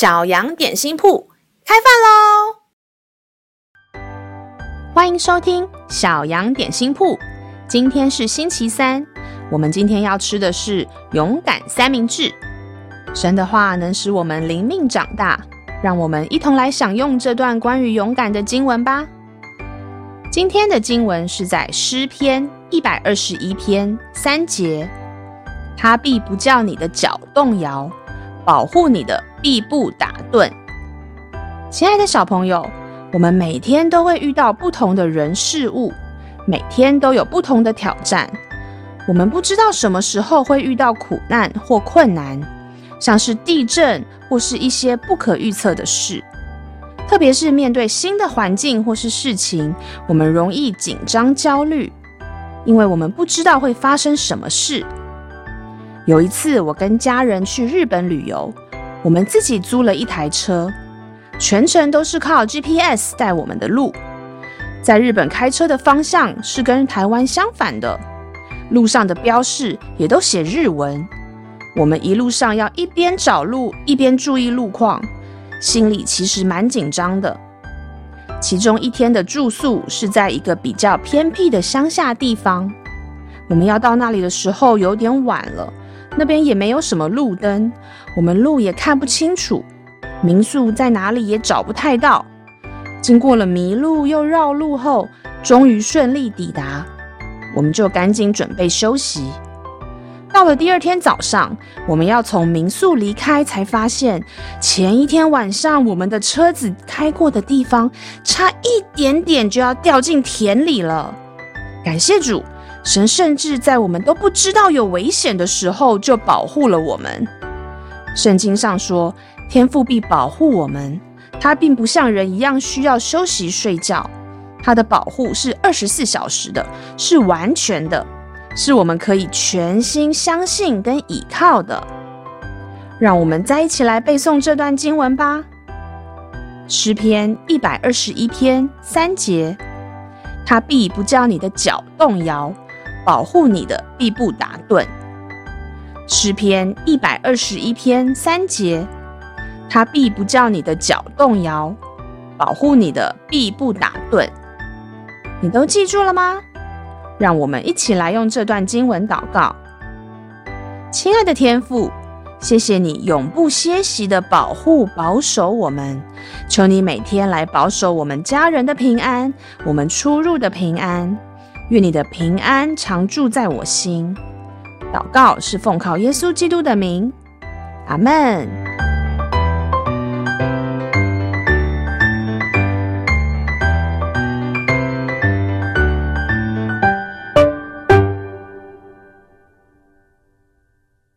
小羊點心鋪開飯嘍！歡迎收聽小羊點心鋪。今天是星期三，我們今天要吃的是勇敢三明治。神的話能使我們靈命長大，讓我們一同來享用這段關於勇敢的經文吧。今天的經文是在詩篇一百二十一篇三節：“他必不叫你的腳動搖，保護你的。”必不打盹。親愛的小朋友，我們每天都會遇到不同的人事物，每天都有不同的挑戰。我們不知道什麼時候會遇到苦難或困難，像是地震或是一些不可預測的事。特別是面對新的環境或是事情，我們容易緊張焦慮，因為我們不知道會發生什麼事。有一次，我跟家人去日本旅遊。我們自己租了一台車，全程都是靠 GPS 帶我們的路。在日本開車的方向是跟台灣相反的，路上的標示也都寫日文。我們一路上要一邊找路，一邊注意路況，心裡其實蠻緊張的。其中一天的住宿是在一個比較偏僻的鄉下地方，我們要到那裡的時候有點晚了。那邊也沒有什麼路燈，我們路也看不清楚，民宿在哪裡也找不太到。經過了迷路又繞路後，終於順利抵達。我們就趕緊準備休息。到了第二天早上，我們要從民宿離開，才發現前一天晚上我們的車子開過的地方，差一點點就要掉進田裡了。感謝主。神甚至在我們都不知道有危險的時候就保護了我們。聖經上說：“天父必保護我們，他並不像人一樣需要休息睡覺，他的保護是二十四小時的，是完全的，是我們可以全心相信跟依靠的。”讓我們再一起來背誦這段經文吧，《詩篇》一百二十一篇三節：“他必不叫你的腳動搖。”保護你的必不打盹。《詩篇》一百二十一篇三節他必不叫你的腳動搖，保護你的必不打盹。你都記住了嗎？讓我們一起來用這段經文禱告。親愛的天父，謝謝你永不歇息的保護保守我們，求你每天來保守我們家人的平安，我們出入的平安。願你的平安常駐在我心。禱告是奉靠耶穌基督的名，阿門。